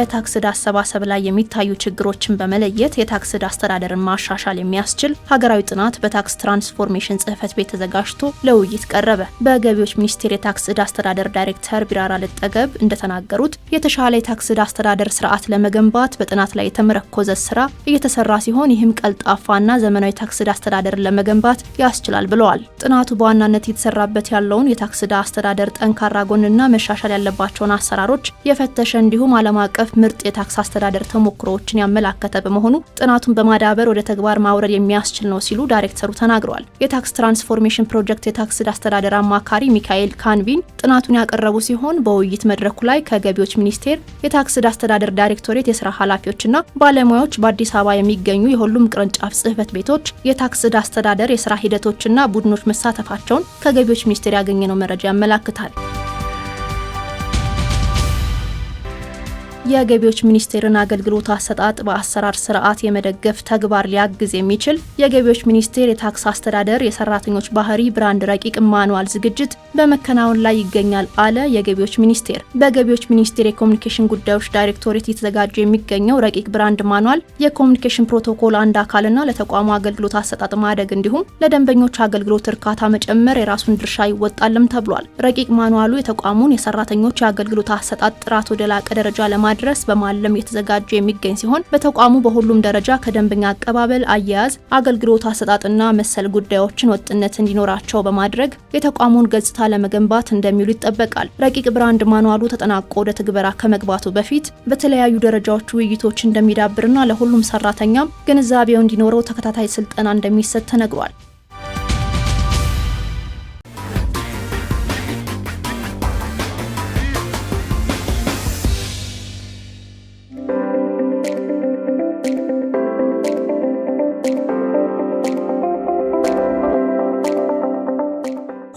የታክስ ዕዳ አሰባሰብ ላይ የሚታዩ ችግሮችን በመለየት የታክስ ዕዳ አስተዳደርን ማሻሻል የሚያስችል ሀገራዊ ጥናት በታክስ ትራንስፎርሜሽን ጽህፈት ቤት ተዘጋጅቶ ለውይይት ቀረበ። በገቢዎች ሚኒስቴር የታክስ ዕዳ አስተዳደር ዳይሬክተር ቢራራ ልጠገብ እንደተናገሩት የተሻለ የታክስ ዕዳ አስተዳደር ስርዓት ለመገንባት በጥናት ላይ የተመረኮዘ ስራ እየተሰራ ሲሆን ይህም ቀልጣፋና ዘመናዊ ታክስ ዕዳ አስተዳደርን ለመገንባት ያስችላል ብለዋል። ጥናቱ በዋናነት የተሰራበት ያለውን የታክስ ዕዳ አስተዳደር ጠንካራ ጎንና መሻሻል ያለባቸውን አሰራሮች የፈተሸ እንዲሁም ዓለም አቀፍ አቀፍ ምርጥ የታክስ አስተዳደር ተሞክሮዎችን ያመላከተ በመሆኑ ጥናቱን በማዳበር ወደ ተግባር ማውረድ የሚያስችል ነው ሲሉ ዳይሬክተሩ ተናግረዋል። የታክስ ትራንስፎርሜሽን ፕሮጀክት የታክስ አስተዳደር አማካሪ ሚካኤል ካንቪን ጥናቱን ያቀረቡ ሲሆን በውይይት መድረኩ ላይ ከገቢዎች ሚኒስቴር የታክስ አስተዳደር ዳይሬክቶሬት የስራ ኃላፊዎችና ባለሙያዎች በአዲስ አበባ የሚገኙ የሁሉም ቅርንጫፍ ጽህፈት ቤቶች የታክስ አስተዳደር የስራ ሂደቶችና ቡድኖች መሳተፋቸውን ከገቢዎች ሚኒስቴር ያገኘነው መረጃ ያመላክታል። የገቢዎች ሚኒስቴርን አገልግሎት አሰጣጥ በአሰራር ስርዓት የመደገፍ ተግባር ሊያግዝ የሚችል የገቢዎች ሚኒስቴር የታክስ አስተዳደር የሰራተኞች ባህሪ ብራንድ ረቂቅ ማንዋል ዝግጅት በመከናወን ላይ ይገኛል አለ የገቢዎች ሚኒስቴር። በገቢዎች ሚኒስቴር የኮሚኒኬሽን ጉዳዮች ዳይሬክቶሬት እየተዘጋጀ የሚገኘው ረቂቅ ብራንድ ማንዋል የኮሚኒኬሽን ፕሮቶኮል አንድ አካልና ለተቋሙ አገልግሎት አሰጣጥ ማደግ እንዲሁም ለደንበኞች አገልግሎት እርካታ መጨመር የራሱን ድርሻ ይወጣልም ተብሏል። ረቂቅ ማንዋሉ የተቋሙን የሰራተኞች የአገልግሎት አሰጣጥ ጥራት ወደ ላቀ ደረጃ ለማድረግ ለማድረስ በማለም የተዘጋጀ የሚገኝ ሲሆን በተቋሙ በሁሉም ደረጃ ከደንበኛ አቀባበል፣ አያያዝ፣ አገልግሎት አሰጣጥና መሰል ጉዳዮችን ወጥነት እንዲኖራቸው በማድረግ የተቋሙን ገጽታ ለመገንባት እንደሚውሉ ይጠበቃል። ረቂቅ ብራንድ ማንዋሉ ተጠናቆ ወደ ትግበራ ከመግባቱ በፊት በተለያዩ ደረጃዎች ውይይቶች እንደሚዳብርና ለሁሉም ሰራተኛም ግንዛቤው እንዲኖረው ተከታታይ ስልጠና እንደሚሰጥ ተነግሯል።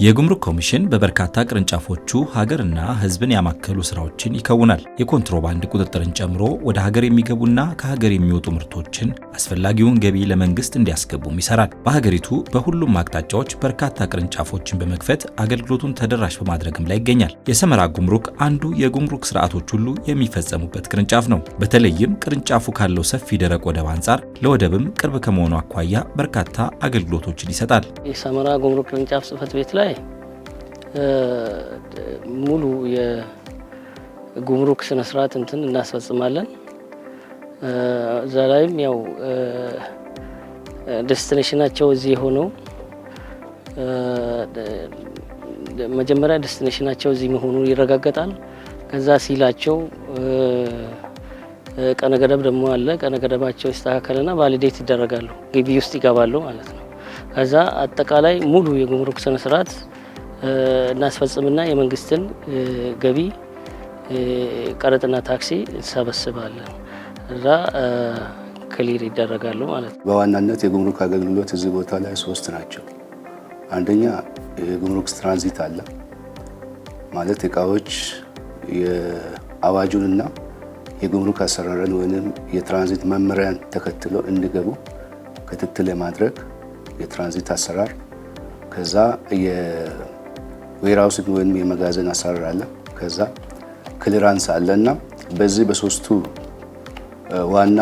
የጉምሩክ ኮሚሽን በበርካታ ቅርንጫፎቹ ሀገርና ሕዝብን ያማከሉ ስራዎችን ይከውናል። የኮንትሮባንድ ቁጥጥርን ጨምሮ ወደ ሀገር የሚገቡና ከሀገር የሚወጡ ምርቶችን አስፈላጊውን ገቢ ለመንግስት እንዲያስገቡም ይሰራል። በሀገሪቱ በሁሉም አቅጣጫዎች በርካታ ቅርንጫፎችን በመክፈት አገልግሎቱን ተደራሽ በማድረግም ላይ ይገኛል። የሰመራ ጉምሩክ አንዱ የጉምሩክ ስርዓቶች ሁሉ የሚፈጸሙበት ቅርንጫፍ ነው። በተለይም ቅርንጫፉ ካለው ሰፊ ደረቅ ወደብ አንጻር ለወደብም ቅርብ ከመሆኑ አኳያ በርካታ አገልግሎቶችን ይሰጣል። የሰመራ ጉምሩክ ቅርንጫፍ ጽህፈት ቤት ላይ ላይ ሙሉ የጉምሩክ ስነስርዓት እንትን እናስፈጽማለን። እዛ ላይም ያው ዴስቲኔሽናቸው እዚህ ሆነው መጀመሪያ ዴስቲኔሽናቸው እዚህ መሆኑ ይረጋገጣል። ከዛ ሲላቸው ቀነ ገደብ ደግሞ አለ። ቀነ ገደባቸው ይስተካከልና ቫሊዴት ይደረጋሉ። ግቢ ውስጥ ይገባሉ ማለት ነው። ከዛ አጠቃላይ ሙሉ የጉምሩክ ስነ ስርዓት እናስፈጽምና የመንግስትን ገቢ ቀረጥና ታክሲ እንሰበስባለን እዛ ክሊር ይደረጋሉ ማለት ነው። በዋናነት የጉምሩክ አገልግሎት እዚህ ቦታ ላይ ሶስት ናቸው። አንደኛ የጉምሩክ ትራንዚት አለ ማለት እቃዎች የአዋጁንና የጉምሩክ አሰራርን ወይም የትራንዚት መመሪያን ተከትሎ እንዲገቡ ክትትል የማድረግ የትራንዚት አሰራር፣ ከዛ የዌርሃውሲንግ ወይም የመጋዘን አሰራር አለ፣ ከዛ ክሊራንስ አለ እና በዚህ በሶስቱ ዋና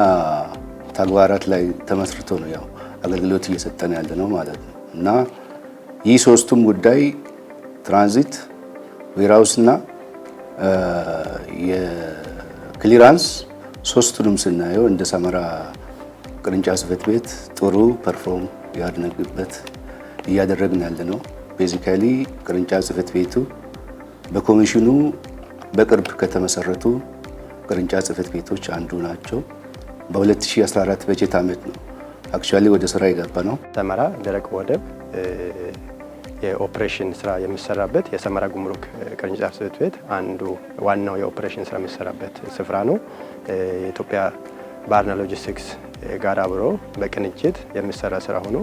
ተግባራት ላይ ተመስርቶ ነው ያው አገልግሎት እየሰጠን ያለ ነው ማለት ነው እና ይህ ሶስቱም ጉዳይ ትራንዚት፣ ዌርሃውስ እና የክሊራንስ ሶስቱንም ስናየው እንደ ሰመራ ቅርንጫፍ ጽሕፈት ቤት ጥሩ ፐርፎርም ያደነቅንበት እያደረግን ያለ ነው። ቤዚካሊ ቅርንጫፍ ጽህፈት ቤቱ በኮሚሽኑ በቅርብ ከተመሰረቱ ቅርንጫፍ ጽህፈት ቤቶች አንዱ ናቸው። በ2014 በጀት ዓመት ነው አክቹዋሊ ወደ ስራ የገባ ነው። ሰመራ ደረቅ ወደብ የኦፕሬሽን ስራ የሚሰራበት የሰመራ ጉምሩክ ቅርንጫፍ ጽህፈት ቤት አንዱ ዋናው የኦፕሬሽን ስራ የሚሰራበት ስፍራ ነው። የኢትዮጵያ ባህርና ሎጂስቲክስ ጋር አብሮ በቅንጅት የሚሰራ ስራ ሆኖ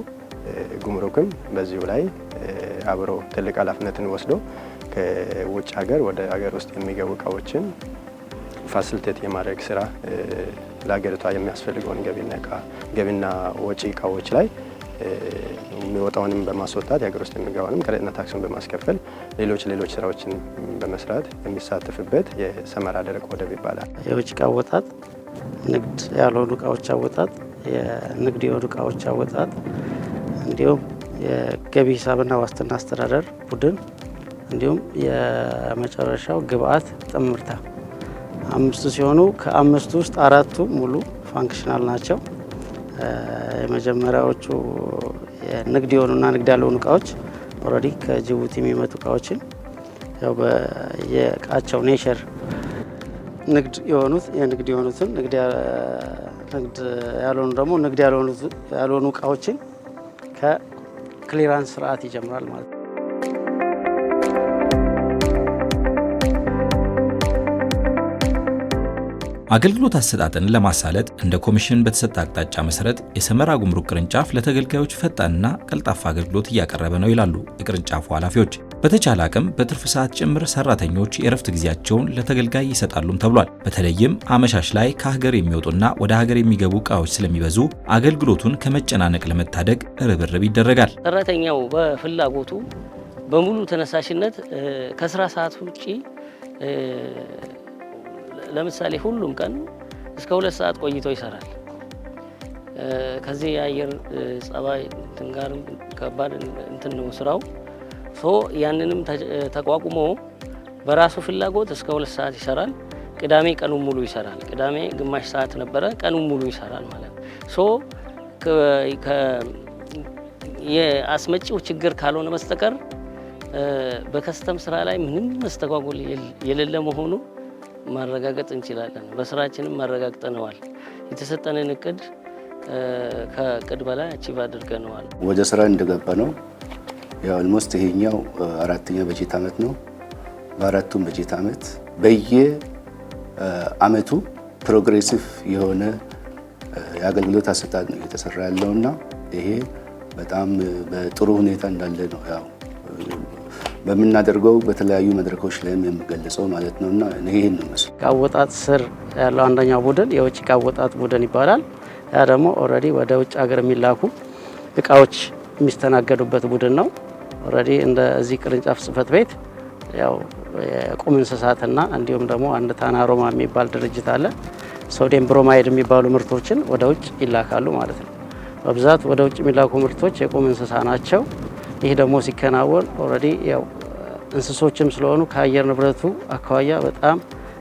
ጉምሩክም በዚሁ ላይ አብሮ ትልቅ ኃላፊነትን ወስዶ ከውጭ ሀገር ወደ ሀገር ውስጥ የሚገቡ እቃዎችን ፋሲልቴት የማድረግ ስራ ለሀገሪቷ የሚያስፈልገውን ገቢና ወጪ እቃዎች ላይ የሚወጣውንም በማስወጣት የሀገር ውስጥ የሚገባውንም ቀረጥና ታክሱን በማስከፈል ሌሎች ሌሎች ስራዎችን በመስራት የሚሳተፍበት የሰመራ ደረቅ ወደብ ይባላል። የውጭ እቃ አወጣጥ ንግድ ያልሆኑ እቃዎች አወጣጥ፣ የንግድ የሆኑ እቃዎች አወጣጥ እንዲሁም የገቢ ሂሳብና ዋስትና አስተዳደር ቡድን እንዲሁም የመጨረሻው ግብአት ጥምርታ አምስቱ ሲሆኑ ከአምስቱ ውስጥ አራቱ ሙሉ ፋንክሽናል ናቸው። የመጀመሪያዎቹ ንግድ የሆኑና ንግድ ያልሆኑ እቃዎች ኦልሬዲ ከጅቡቲ የሚመጡ እቃዎችን ያው በየእቃቸው ኔቸር ንግድ የሆኑት የንግድ የሆኑትን ንግድ ያልሆኑ ደግሞ ንግድ ያልሆኑ እቃዎችን ከክሊራንስ ስርዓት ይጀምራል ማለት ነው። አገልግሎት አሰጣጥን ለማሳለጥ እንደ ኮሚሽን በተሰጠ አቅጣጫ መሰረት የሰመራ ጉምሩክ ቅርንጫፍ ለተገልጋዮች ፈጣንና ቀልጣፋ አገልግሎት እያቀረበ ነው ይላሉ የቅርንጫፉ ኃላፊዎች። በተቻለ አቅም በትርፍ ሰዓት ጭምር ሰራተኞች የእረፍት ጊዜያቸውን ለተገልጋይ ይሰጣሉም ተብሏል። በተለይም አመሻሽ ላይ ከሀገር የሚወጡና ወደ ሀገር የሚገቡ እቃዎች ስለሚበዙ አገልግሎቱን ከመጨናነቅ ለመታደግ ርብርብ ይደረጋል። ሰራተኛው በፍላጎቱ በሙሉ ተነሳሽነት ከስራ ሰዓት ውጪ ለምሳሌ ሁሉም ቀን እስከ ሁለት ሰዓት ቆይቶ ይሰራል። ከዚህ የአየር ጸባይ እንትን ከባድ እንትን ነው ስራው። ሶ ያንንም ተቋቁሞ በራሱ ፍላጎት እስከ ሁለት ሰዓት ይሰራል። ቅዳሜ ቀኑን ሙሉ ይሰራል። ቅዳሜ ግማሽ ሰዓት ነበረ፣ ቀኑን ሙሉ ይሰራል ማለት ነው። የአስመጪው ችግር ካልሆነ በስተቀር በከስተም ስራ ላይ ምንም መስተጓጎል የሌለ መሆኑ ማረጋገጥ እንችላለን። በስራችንም ማረጋግጠነዋል። የተሰጠንን እቅድ ከእቅድ በላይ አቺቭ አድርገነዋል። ወደ ስራ እንደገባ ነው ኦልሞስት ይሄኛው አራተኛ በጀት ዓመት ነው። በአራቱም በጀት ዓመት በየ ዓመቱ ፕሮግሬሲቭ የሆነ የአገልግሎት አሰጣጥ ነው እየተሰራ ያለው እና ይሄ በጣም በጥሩ ሁኔታ እንዳለ ነው ያው በምናደርገው በተለያዩ መድረኮች ላይም የምገለጸው ማለት ነው እና ይህን ነው መስሎ ከአወጣት ስር ያለው አንደኛው ቡድን የውጭ ከአወጣት ቡድን ይባላል። ያ ደግሞ ኦልሬዲ ወደ ውጭ ሀገር የሚላኩ እቃዎች የሚስተናገዱበት ቡድን ነው። ኦልሬዲ እንደዚህ ቅርንጫፍ ጽህፈት ቤት ያው የቁም እንስሳትና እንዲሁም ደግሞ አንድ ታና ሮማ የሚባል ድርጅት አለ። ሶዲየም ብሮማይድ የሚባሉ ምርቶችን ወደ ውጭ ይላካሉ ማለት ነው። በብዛት ወደ ውጭ የሚላኩ ምርቶች የቁም እንስሳ ናቸው። ይህ ደግሞ ሲከናወን ኦልሬዲ ያው እንስሶችም ስለሆኑ ከአየር ንብረቱ አኳያ በጣም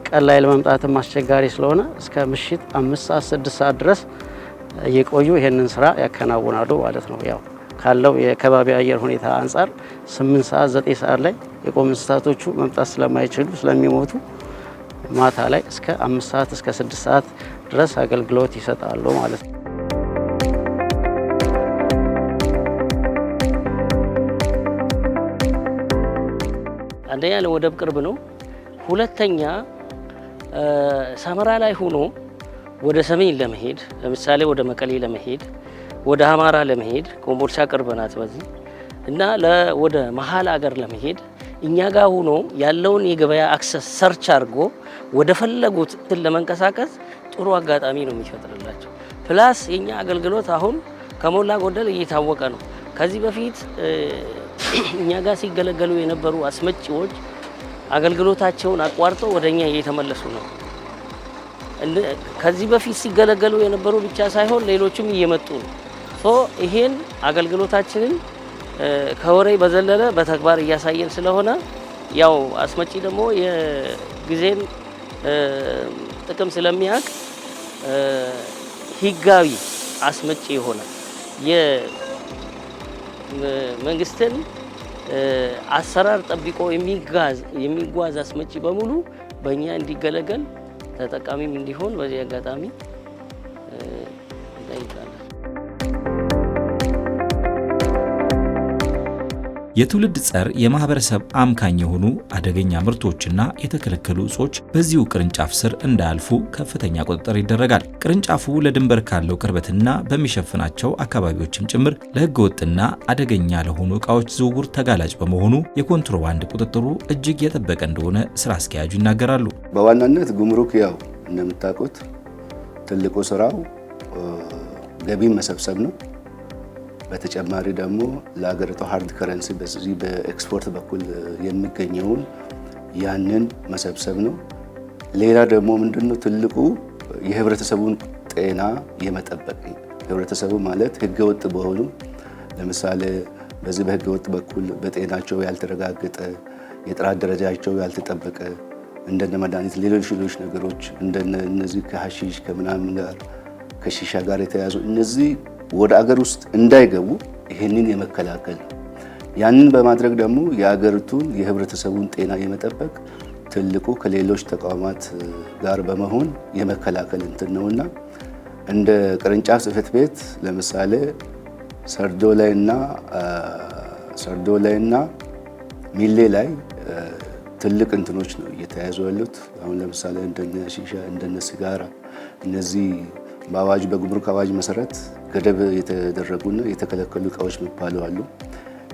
ቀን ላይ ለመምጣትም አስቸጋሪ ስለሆነ እስከ ምሽት አምስት ሰዓት ስድስት ሰዓት ድረስ እየቆዩ ይህንን ስራ ያከናውናሉ ማለት ነው ያው ካለው የከባቢ አየር ሁኔታ አንጻር ስምንት ሰዓት ዘጠኝ ሰዓት ላይ የቆም እንስሳቶቹ መምጣት ስለማይችሉ ስለሚሞቱ ማታ ላይ እስከ አምስት ሰዓት እስከ ስድስት ሰዓት ድረስ አገልግሎት ይሰጣሉ ማለት ነው። አንደኛ ለወደብ ቅርብ ነው። ሁለተኛ ሰመራ ላይ ሆኖ ወደ ሰሜን ለመሄድ ለምሳሌ ወደ መቀሌ ለመሄድ ወደ አማራ ለመሄድ ኮምቦልቻ ቅርብ ናት በዚህ እና ወደ መሀል አገር ለመሄድ እኛ ጋር ሆኖ ያለውን የገበያ አክሰስ ሰርች አድርጎ ወደ ፈለጉት ለመንቀሳቀስ ጥሩ አጋጣሚ ነው የሚፈጥርላቸው። ፕላስ የኛ አገልግሎት አሁን ከሞላ ጎደል እየታወቀ ነው። ከዚህ በፊት እኛ ጋር ሲገለገሉ የነበሩ አስመጪዎች አገልግሎታቸውን አቋርጠው ወደ እኛ እየተመለሱ ነው። ከዚህ በፊት ሲገለገሉ የነበሩ ብቻ ሳይሆን ሌሎችም እየመጡ ነው። ይሄን አገልግሎታችንን ከወሬ በዘለለ በተግባር እያሳየን ስለሆነ ያው አስመጪ ደግሞ የጊዜን ጥቅም ስለሚያውቅ ህጋዊ አስመጪ የሆነ የመንግስትን አሰራር ጠብቆ የሚጓዝ አስመጪ በሙሉ በእኛ እንዲገለገል ተጠቃሚም እንዲሆን በዚህ አጋጣሚ የትውልድ ጸር የማህበረሰብ አምካኝ የሆኑ አደገኛ ምርቶችና የተከለከሉ እጾች በዚሁ ቅርንጫፍ ስር እንዳያልፉ ከፍተኛ ቁጥጥር ይደረጋል። ቅርንጫፉ ለድንበር ካለው ቅርበትና በሚሸፍናቸው አካባቢዎችም ጭምር ለህገወጥና አደገኛ ለሆኑ እቃዎች ዝውውር ተጋላጭ በመሆኑ የኮንትሮባንድ ቁጥጥሩ እጅግ የጠበቀ እንደሆነ ስራ አስኪያጁ ይናገራሉ። በዋናነት ጉምሩክ ያው እንደምታውቁት ትልቁ ስራው ገቢን መሰብሰብ ነው። በተጨማሪ ደግሞ ለሀገሪቱ ሀርድ ከረንሲ በዚህ በኤክስፖርት በኩል የሚገኘውን ያንን መሰብሰብ ነው። ሌላ ደግሞ ምንድነው ትልቁ የህብረተሰቡን ጤና የመጠበቅ ህብረተሰቡ ማለት ህገ ወጥ በሆኑ ለምሳሌ በዚህ በህገ ወጥ በኩል በጤናቸው ያልተረጋገጠ የጥራት ደረጃቸው ያልተጠበቀ እንደነ መድኃኒት፣ ሌሎች ሌሎች ነገሮች እንደነዚህ ከሀሺሽ ከምናምን ጋር ከሺሻ ጋር የተያዙ እነዚህ ወደ አገር ውስጥ እንዳይገቡ ይህንን የመከላከል ነው። ያንን በማድረግ ደግሞ የአገሪቱን የህብረተሰቡን ጤና የመጠበቅ ትልቁ ከሌሎች ተቋማት ጋር በመሆን የመከላከል እንትን ነውና እንደ ቅርንጫፍ ጽህፈት ቤት ለምሳሌ ሰርዶ ላይና ሰርዶ ላይና ሚሌ ላይ ትልቅ እንትኖች ነው እየተያዙ ያሉት። አሁን ለምሳሌ እንደነ ሺሻ እንደነ ሲጋራ እነዚህ በአዋጅ በጉምሩክ አዋጅ መሰረት ገደብ የተደረጉና የተከለከሉ እቃዎች የሚባሉ አሉ።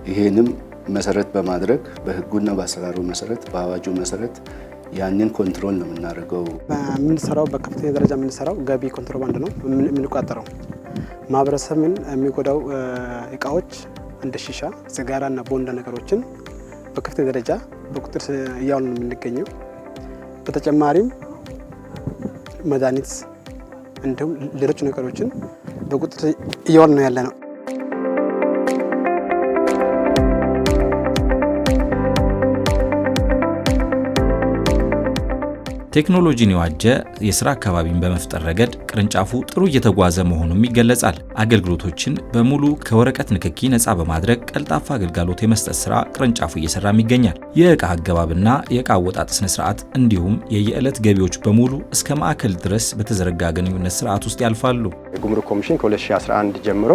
ይሄንም መሰረት በማድረግ በህጉና በአሰራሩ መሰረት በአዋጁ መሰረት ያንን ኮንትሮል ነው የምናደርገው። የምንሰራው በከፍተኛ ደረጃ የምንሰራው ገቢ ኮንትሮባንድ ነው የምንቋጠረው። ማህበረሰብን የሚጎዳው እቃዎች እንደ ሺሻ፣ ሲጋራና ቦንዳ ነገሮችን በከፍተኛ ደረጃ በቁጥር እያሉ ነው የምንገኘው። በተጨማሪም መድኃኒት እንዲሁም ሌሎች ነገሮችን በቁጥር እየዋል ነው ያለ ነው። ቴክኖሎጂን የዋጀ የስራ አካባቢን በመፍጠር ረገድ ቅርንጫፉ ጥሩ እየተጓዘ መሆኑም ይገለጻል። አገልግሎቶችን በሙሉ ከወረቀት ንክኪ ነፃ በማድረግ ቀልጣፋ አገልጋሎት የመስጠት ስራ ቅርንጫፉ እየሰራም ይገኛል። የእቃ አገባብና የእቃ አወጣጥ ስነ ስርዓት እንዲሁም የየዕለት ገቢዎች በሙሉ እስከ ማዕከል ድረስ በተዘረጋ ግንኙነት ስርዓት ውስጥ ያልፋሉ። የጉምሩክ ኮሚሽን ከ2011 ጀምሮ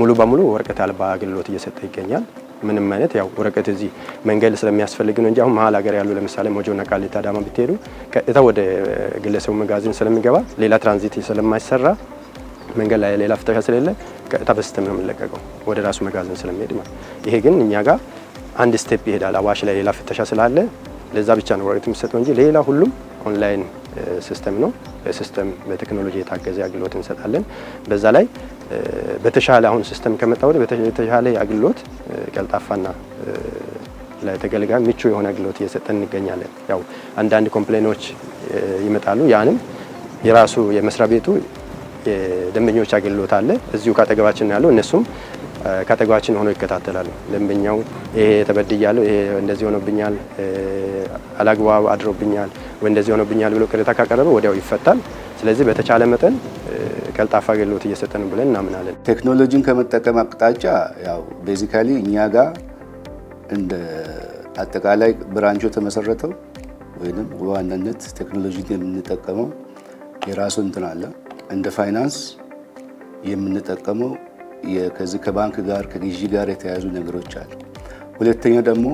ሙሉ በሙሉ ወረቀት አልባ አገልግሎት እየሰጠ ይገኛል። ምንም አይነት ያው ወረቀት እዚህ መንገድ ስለሚያስፈልግ ነው እንጂ አሁን መሀል ሀገር ያሉ ለምሳሌ ሞጆና ቃሊቲ አዳማ ብትሄዱ ቀጥታ ወደ ግለሰቡ መጋዘን ስለሚገባ ሌላ ትራንዚት ስለማይሰራ መንገድ ላይ ሌላ ፍተሻ ስለሌለ ቀጥታ በስተም ነው የምንለቀቀው ወደ ራሱ መጋዘን ስለሚሄድ ማለት። ይሄ ግን እኛ ጋር አንድ ስቴፕ ይሄዳል። አዋሽ ላይ ሌላ ፍተሻ ስላለ ለዛ ብቻ ነው ወረቀት የሚሰጠው እንጂ ሌላ ሁሉም ኦንላይን ሲስተም ነው። በሲስተም በቴክኖሎጂ የታገዘ አገልግሎት እንሰጣለን። በዛ ላይ በተሻለ አሁን ሲስተም ከመጣ ወዲህ በተሻለ አገልግሎት ቀልጣፋና ለተገልጋ ምቹ የሆነ አገልግሎት እየሰጠን እንገኛለን። ያው አንዳንድ ኮምፕሌኖች ይመጣሉ። ያንም የራሱ የመስሪያ ቤቱ የደንበኞች አገልግሎት አለ እዚሁ ካጠገባችን ያለው እነሱም ካጠገባችን ሆኖ ይከታተላሉ። ደንበኛው ይሄ ተበድያለሁ፣ ይሄ እንደዚህ ሆኖብኛል፣ አላግባብ አድሮብኛል ወይ እንደዚህ ሆኖብኛል ብሎ ቅሬታ ካቀረበ ወዲያው ይፈታል። ስለዚህ በተቻለ መጠን ቀልጣፋ አገልግሎት እየሰጠን ብለን እናምናለን። ቴክኖሎጂን ከመጠቀም አቅጣጫ ያው ቤዚካሊ እኛ ጋር እንደ አጠቃላይ ብራንቾ የተመሰረተው ወይም በዋናነት ቴክኖሎጂን የምንጠቀመው የራሱ እንትን አለ። እንደ ፋይናንስ የምንጠቀመው ከዚህ ከባንክ ጋር ከግዢ ጋር የተያያዙ ነገሮች አሉ። ሁለተኛ ደግሞ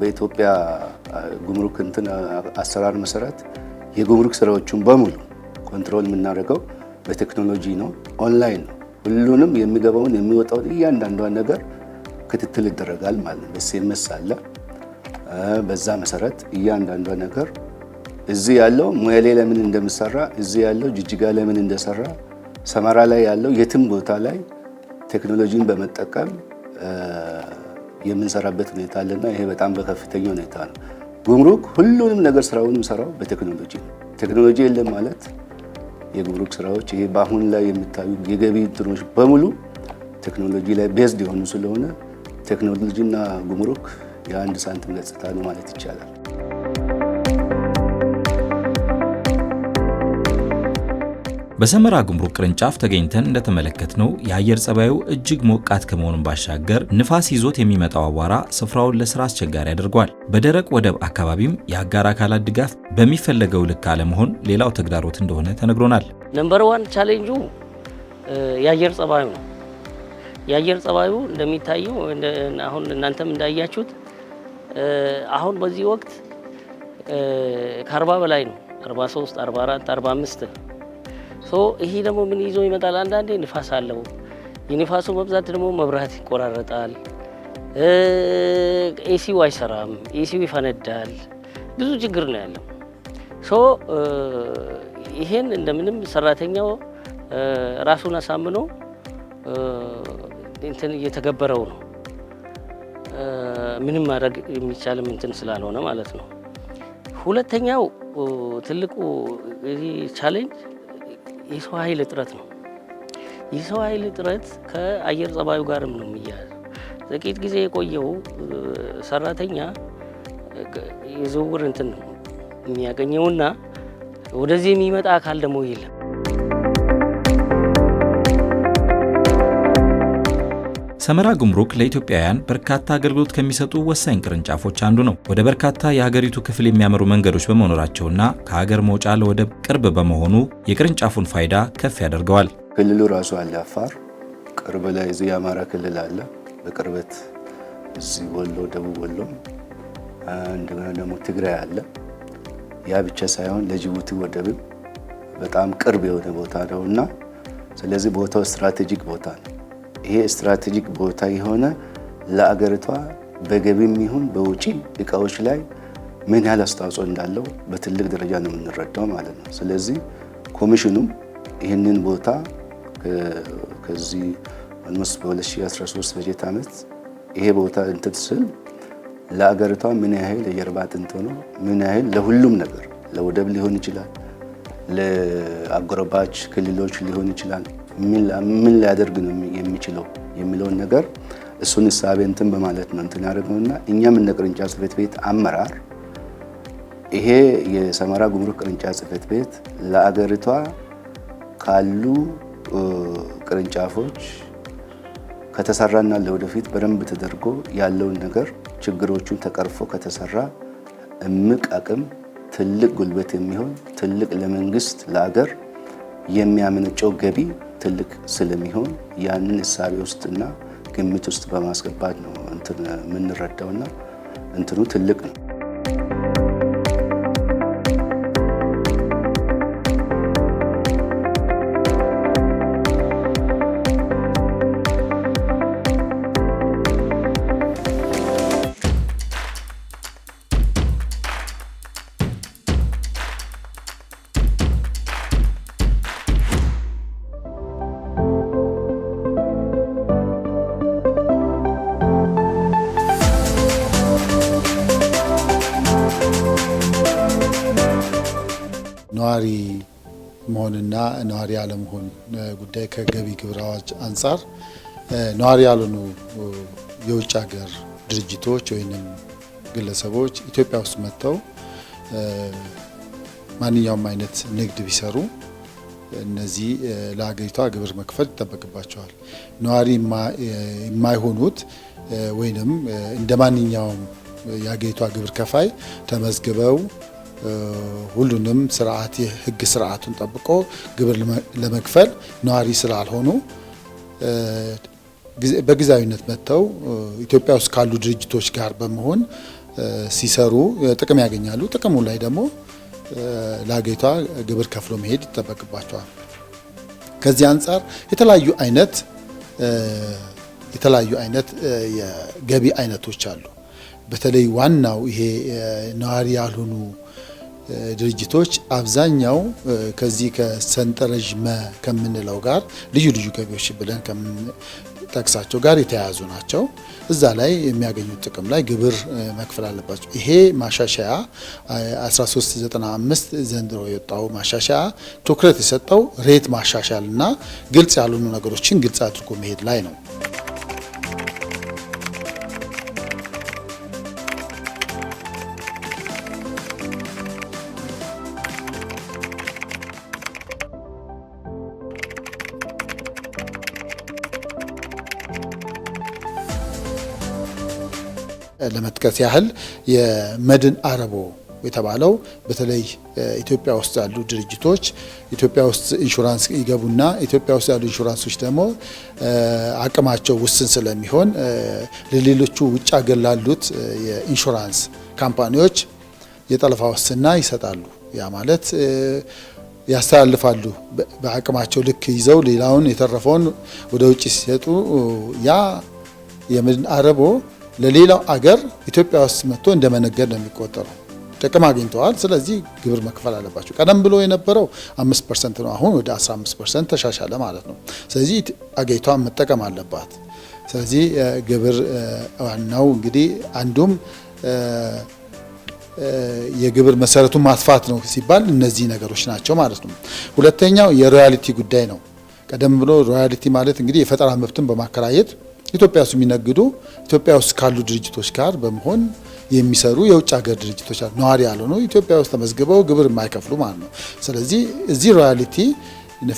በኢትዮጵያ ጉምሩክ እንትን አሰራር መሰረት የጉምሩክ ስራዎቹን በሙሉ ኮንትሮል የምናደርገው በቴክኖሎጂ ነው፣ ኦንላይን ነው። ሁሉንም የሚገባውን የሚወጣውን እያንዳንዷን ነገር ክትትል ይደረጋል ማለት ነው። ኤስኤምኤስ አለ። በዛ መሰረት እያንዳንዷ ነገር እዚህ ያለው ሙያሌ ለምን እንደምሰራ እዚህ ያለው ጅጅጋ ለምን እንደሰራ ሰመራ ላይ ያለው የትም ቦታ ላይ ቴክኖሎጂን በመጠቀም የምንሰራበት ሁኔታ አለና ይሄ በጣም በከፍተኛ ሁኔታ ነው። ጉምሩክ ሁሉንም ነገር ስራውን የሚሰራው በቴክኖሎጂ ነው። ቴክኖሎጂ የለም ማለት የጉምሩክ ስራዎች ይሄ በአሁን ላይ የምታዩ የገቢ እንትኖች በሙሉ ቴክኖሎጂ ላይ ቤዝድ የሆኑ ስለሆነ ቴክኖሎጂና ጉምሩክ የአንድ ሳንቲም ገጽታ ነው ማለት ይቻላል። በሰመራ ጉምሩክ ቅርንጫፍ ተገኝተን እንደተመለከትነው የአየር ጸባዩ እጅግ ሞቃት ከመሆኑን ባሻገር ንፋስ ይዞት የሚመጣው አቧራ ስፍራውን ለስራ አስቸጋሪ አድርጓል። በደረቅ ወደብ አካባቢም የአጋር አካላት ድጋፍ በሚፈለገው ልክ አለመሆን ሌላው ተግዳሮት እንደሆነ ተነግሮናል። ነምበር ዋን ቻሌንጁ የአየር ጸባዩ ነው። የአየር ጸባዩ እንደሚታየው አሁን እናንተም እንዳያችሁት አሁን በዚህ ወቅት ከአርባ በላይ ነው። 43፣ 44፣ 45 ይሄ ደግሞ ምን ይዞ ይመጣል? አንዳንዴ ንፋስ አለው። የንፋሱ መብዛት ደግሞ መብራት ይቆራረጣል። ኤሲው አይሰራም፣ ኤሲው ይፈነዳል። ብዙ ችግር ነው ያለው። ሶ ይሄን እንደምንም ሰራተኛው ራሱን አሳምኖ እንትን እየተገበረው ነው። ምንም ማድረግ የሚቻልም እንትን ስላልሆነ ማለት ነው። ሁለተኛው ትልቁ ቻሌንጅ የሰው ኃይል እጥረት ነው። የሰው ኃይል እጥረት ከአየር ጸባዩ ጋርም ነው የሚያያዘው። ጥቂት ጊዜ የቆየው ሰራተኛ የዝውውር እንትን ነው የሚያገኘውና ወደዚህ የሚመጣ አካል ደግሞ የለም። ሰመራ ጉምሩክ ለኢትዮጵያውያን በርካታ አገልግሎት ከሚሰጡ ወሳኝ ቅርንጫፎች አንዱ ነው። ወደ በርካታ የሀገሪቱ ክፍል የሚያመሩ መንገዶች በመኖራቸውና ከሀገር መውጫ ለወደብ ቅርብ በመሆኑ የቅርንጫፉን ፋይዳ ከፍ ያደርገዋል። ክልሉ ራሱ አለ። አፋር ቅርብ ላይ እዚህ የአማራ ክልል አለ። በቅርበት እዚህ ወሎ፣ ደቡብ ወሎ እንደገና ደግሞ ትግራይ አለ። ያ ብቻ ሳይሆን ለጅቡቲ ወደብም በጣም ቅርብ የሆነ ቦታ ነው እና ስለዚህ ቦታው ስትራቴጂክ ቦታ ነው። ይሄ ስትራቴጂክ ቦታ የሆነ ለአገሪቷ በገቢም ይሁን በውጪ እቃዎች ላይ ምን ያህል አስተዋጽኦ እንዳለው በትልቅ ደረጃ ነው የምንረዳው ማለት ነው። ስለዚህ ኮሚሽኑም ይህንን ቦታ ከዚህ ኦልሞስት በ2013 በጀት ዓመት ይሄ ቦታ እንትን ስል ለአገሪቷ ምን ያህል የጀርባ አጥንት ሆኖ ምን ያህል ለሁሉም ነገር ለወደብ ሊሆን ይችላል፣ ለአጎረባች ክልሎች ሊሆን ይችላል ምን ሊያደርግ ነው የሚችለው የሚለውን ነገር እሱን እሳቤ እንትን በማለት ነው እንትን ያደርገውና እኛም እንደ ቅርንጫፍ ጽሕፈት ቤት አመራር ይሄ የሰመራ ጉምሩክ ቅርንጫፍ ጽሕፈት ቤት ለአገሪቷ ካሉ ቅርንጫፎች ከተሰራና ለወደፊት በደንብ ተደርጎ ያለውን ነገር ችግሮቹን ተቀርፎ ከተሰራ እምቅ አቅም ትልቅ ጉልበት የሚሆን ትልቅ ለመንግስት ለአገር የሚያመነጨው ገቢ ትልቅ ስለሚሆን ያንን እሳቤ ውስጥና ግምት ውስጥ በማስገባት ነው እንትን የምንረዳውና እንትኑ ትልቅ ነው። ነዋሪ አለመሆን ጉዳይ ከገቢ ግብር አዋጅ አንጻር ነዋሪ ያልሆኑ የውጭ ሀገር ድርጅቶች ወይም ግለሰቦች ኢትዮጵያ ውስጥ መጥተው ማንኛውም አይነት ንግድ ቢሰሩ እነዚህ ለሀገሪቷ ግብር መክፈል ይጠበቅባቸዋል። ነዋሪ የማይሆኑት ወይንም እንደ ማንኛውም የሀገሪቷ ግብር ከፋይ ተመዝግበው ሁሉንም ስርዓት የህግ ስርዓቱን ጠብቆ ግብር ለመክፈል ነዋሪ ስላልሆኑ በጊዜያዊነት መጥተው ኢትዮጵያ ውስጥ ካሉ ድርጅቶች ጋር በመሆን ሲሰሩ ጥቅም ያገኛሉ። ጥቅሙ ላይ ደግሞ ለአገሪቷ ግብር ከፍሎ መሄድ ይጠበቅባቸዋል። ከዚህ አንጻር የተለያዩ አይነት የተለያዩ አይነት የገቢ አይነቶች አሉ። በተለይ ዋናው ይሄ ነዋሪ ያልሆኑ ድርጅቶች አብዛኛው ከዚህ ከሰንጠረዥ መ ከምንለው ጋር ልዩ ልዩ ገቢዎች ብለን ከምንጠቅሳቸው ጋር የተያያዙ ናቸው። እዛ ላይ የሚያገኙት ጥቅም ላይ ግብር መክፈል አለባቸው። ይሄ ማሻሻያ 1395 ዘንድሮ የወጣው ማሻሻያ ትኩረት የሰጠው ሬት ማሻሻል እና ግልጽ ያልሆኑ ነገሮችን ግልጽ አድርጎ መሄድ ላይ ነው። ለመጥቀስ ያህል የመድን አረቦ የተባለው በተለይ ኢትዮጵያ ውስጥ ያሉ ድርጅቶች ኢትዮጵያ ውስጥ ኢንሹራንስ ይገቡና ኢትዮጵያ ውስጥ ያሉ ኢንሹራንሶች ደግሞ አቅማቸው ውስን ስለሚሆን ለሌሎቹ ውጭ ሀገር ላሉት የኢንሹራንስ ካምፓኒዎች የጠለፋ ውስና ይሰጣሉ። ያ ማለት ያስተላልፋሉ። በአቅማቸው ልክ ይዘው ሌላውን የተረፈውን ወደ ውጭ ሲሰጡ ያ የመድን አረቦ ለሌላው አገር ኢትዮጵያ ውስጥ መጥቶ እንደመነገድ ነው የሚቆጠረው። ጥቅም አግኝተዋል። ስለዚህ ግብር መክፈል አለባቸው። ቀደም ብሎ የነበረው አምስት ፐርሰንት ነው። አሁን ወደ 15 ፐርሰንት ተሻሻለ ማለት ነው። ስለዚህ አገሪቷን መጠቀም አለባት። ስለዚህ ግብር ዋናው እንግዲህ አንዱም የግብር መሰረቱን ማጥፋት ነው ሲባል እነዚህ ነገሮች ናቸው ማለት ነው። ሁለተኛው የሮያልቲ ጉዳይ ነው። ቀደም ብሎ ሮያልቲ ማለት እንግዲህ የፈጠራ መብትን በማከራየት ኢትዮጵያ ውስጥ የሚነግዱ ኢትዮጵያ ውስጥ ካሉ ድርጅቶች ጋር በመሆን የሚሰሩ የውጭ ሀገር ድርጅቶች አሉ፣ ነዋሪ ያልሆኑ ኢትዮጵያ ውስጥ ተመዝግበው ግብር የማይከፍሉ ማለት ነው። ስለዚህ እዚህ ሮያሊቲ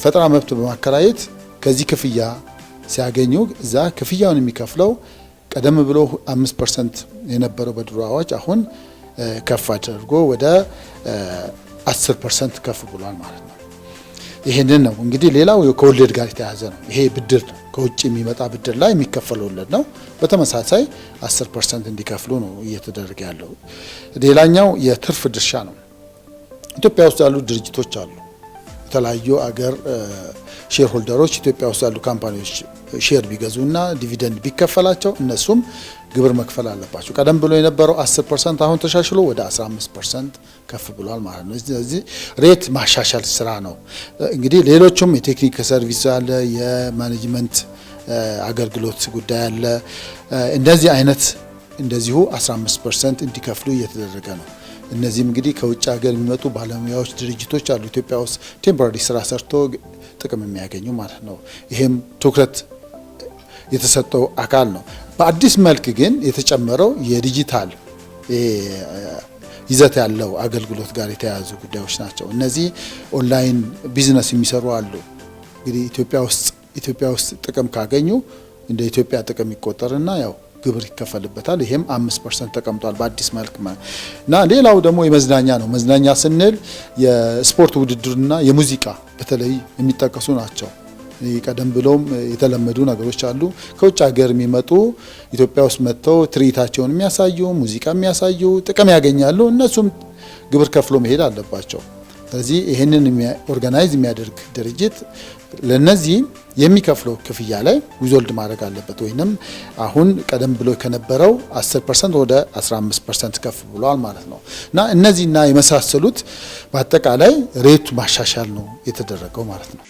ፈጠራ መብት በማከራየት ከዚህ ክፍያ ሲያገኙ እዛ ክፍያውን የሚከፍለው ቀደም ብሎ አምስት ፐርሰንት የነበረው በድሮ አዋጅ አሁን ከፍ አድርጎ ወደ አስር ፐርሰንት ከፍ ብሏል ማለት ነው። ይህንን ነው እንግዲህ ሌላው ከወለድ ጋር የተያያዘ ነው። ይሄ ብድር ነው። ከውጭ የሚመጣ ብድር ላይ የሚከፈለውለት ነው። በተመሳሳይ 10 ፐርሰንት እንዲከፍሉ ነው እየተደረገ ያለው። ሌላኛው የትርፍ ድርሻ ነው። ኢትዮጵያ ውስጥ ያሉ ድርጅቶች አሉ። የተለያዩ አገር ሼር ሆልደሮች ኢትዮጵያ ውስጥ ያሉ ካምፓኒዎች ሼር ቢገዙና ዲቪደንድ ቢከፈላቸው እነሱም ግብር መክፈል አለባቸው። ቀደም ብሎ የነበረው 10 ፐርሰንት አሁን ተሻሽሎ ወደ 15 ፐርሰንት ከፍ ብሏል ማለት ነው። ስለዚህ ሬት ማሻሻል ስራ ነው እንግዲህ ሌሎቹም የቴክኒክ ሰርቪስ አለ፣ የማኔጅመንት አገልግሎት ጉዳይ አለ። እንደዚህ አይነት እንደዚሁ 15 ፐርሰንት እንዲከፍሉ እየተደረገ ነው። እነዚህም እንግዲህ ከውጭ ሀገር የሚመጡ ባለሙያዎች፣ ድርጅቶች አሉ ኢትዮጵያ ውስጥ ቴምፖራሪ ስራ ሰርቶ ጥቅም የሚያገኙ ማለት ነው። ይህም ትኩረት የተሰጠው አካል ነው። በአዲስ መልክ ግን የተጨመረው የዲጂታል ይዘት ያለው አገልግሎት ጋር የተያያዙ ጉዳዮች ናቸው። እነዚህ ኦንላይን ቢዝነስ የሚሰሩ አሉ። እንግዲህ ኢትዮጵያ ውስጥ ኢትዮጵያ ውስጥ ጥቅም ካገኙ እንደ ኢትዮጵያ ጥቅም ይቆጠርና ያው ግብር ይከፈልበታል። ይሄም አምስት ፐርሰንት ተቀምጧል በአዲስ መልክ እና ሌላው ደግሞ የመዝናኛ ነው። መዝናኛ ስንል የስፖርት ውድድርና የሙዚቃ በተለይ የሚጠቀሱ ናቸው። ቀደም ብሎም የተለመዱ ነገሮች አሉ። ከውጭ ሀገር የሚመጡ ኢትዮጵያ ውስጥ መጥተው ትርኢታቸውን የሚያሳዩ ሙዚቃ የሚያሳዩ ጥቅም ያገኛሉ። እነሱም ግብር ከፍሎ መሄድ አለባቸው። ስለዚህ ይህንን ኦርጋናይዝ የሚያደርግ ድርጅት ለነዚህ የሚከፍለው ክፍያ ላይ ዊዞልድ ማድረግ አለበት። ወይም አሁን ቀደም ብሎ ከነበረው 10 ፐርሰንት ወደ 15 ፐርሰንት ከፍ ብሏል ማለት ነው እና እነዚህና የመሳሰሉት በአጠቃላይ ሬቱ ማሻሻል ነው የተደረገው ማለት ነው።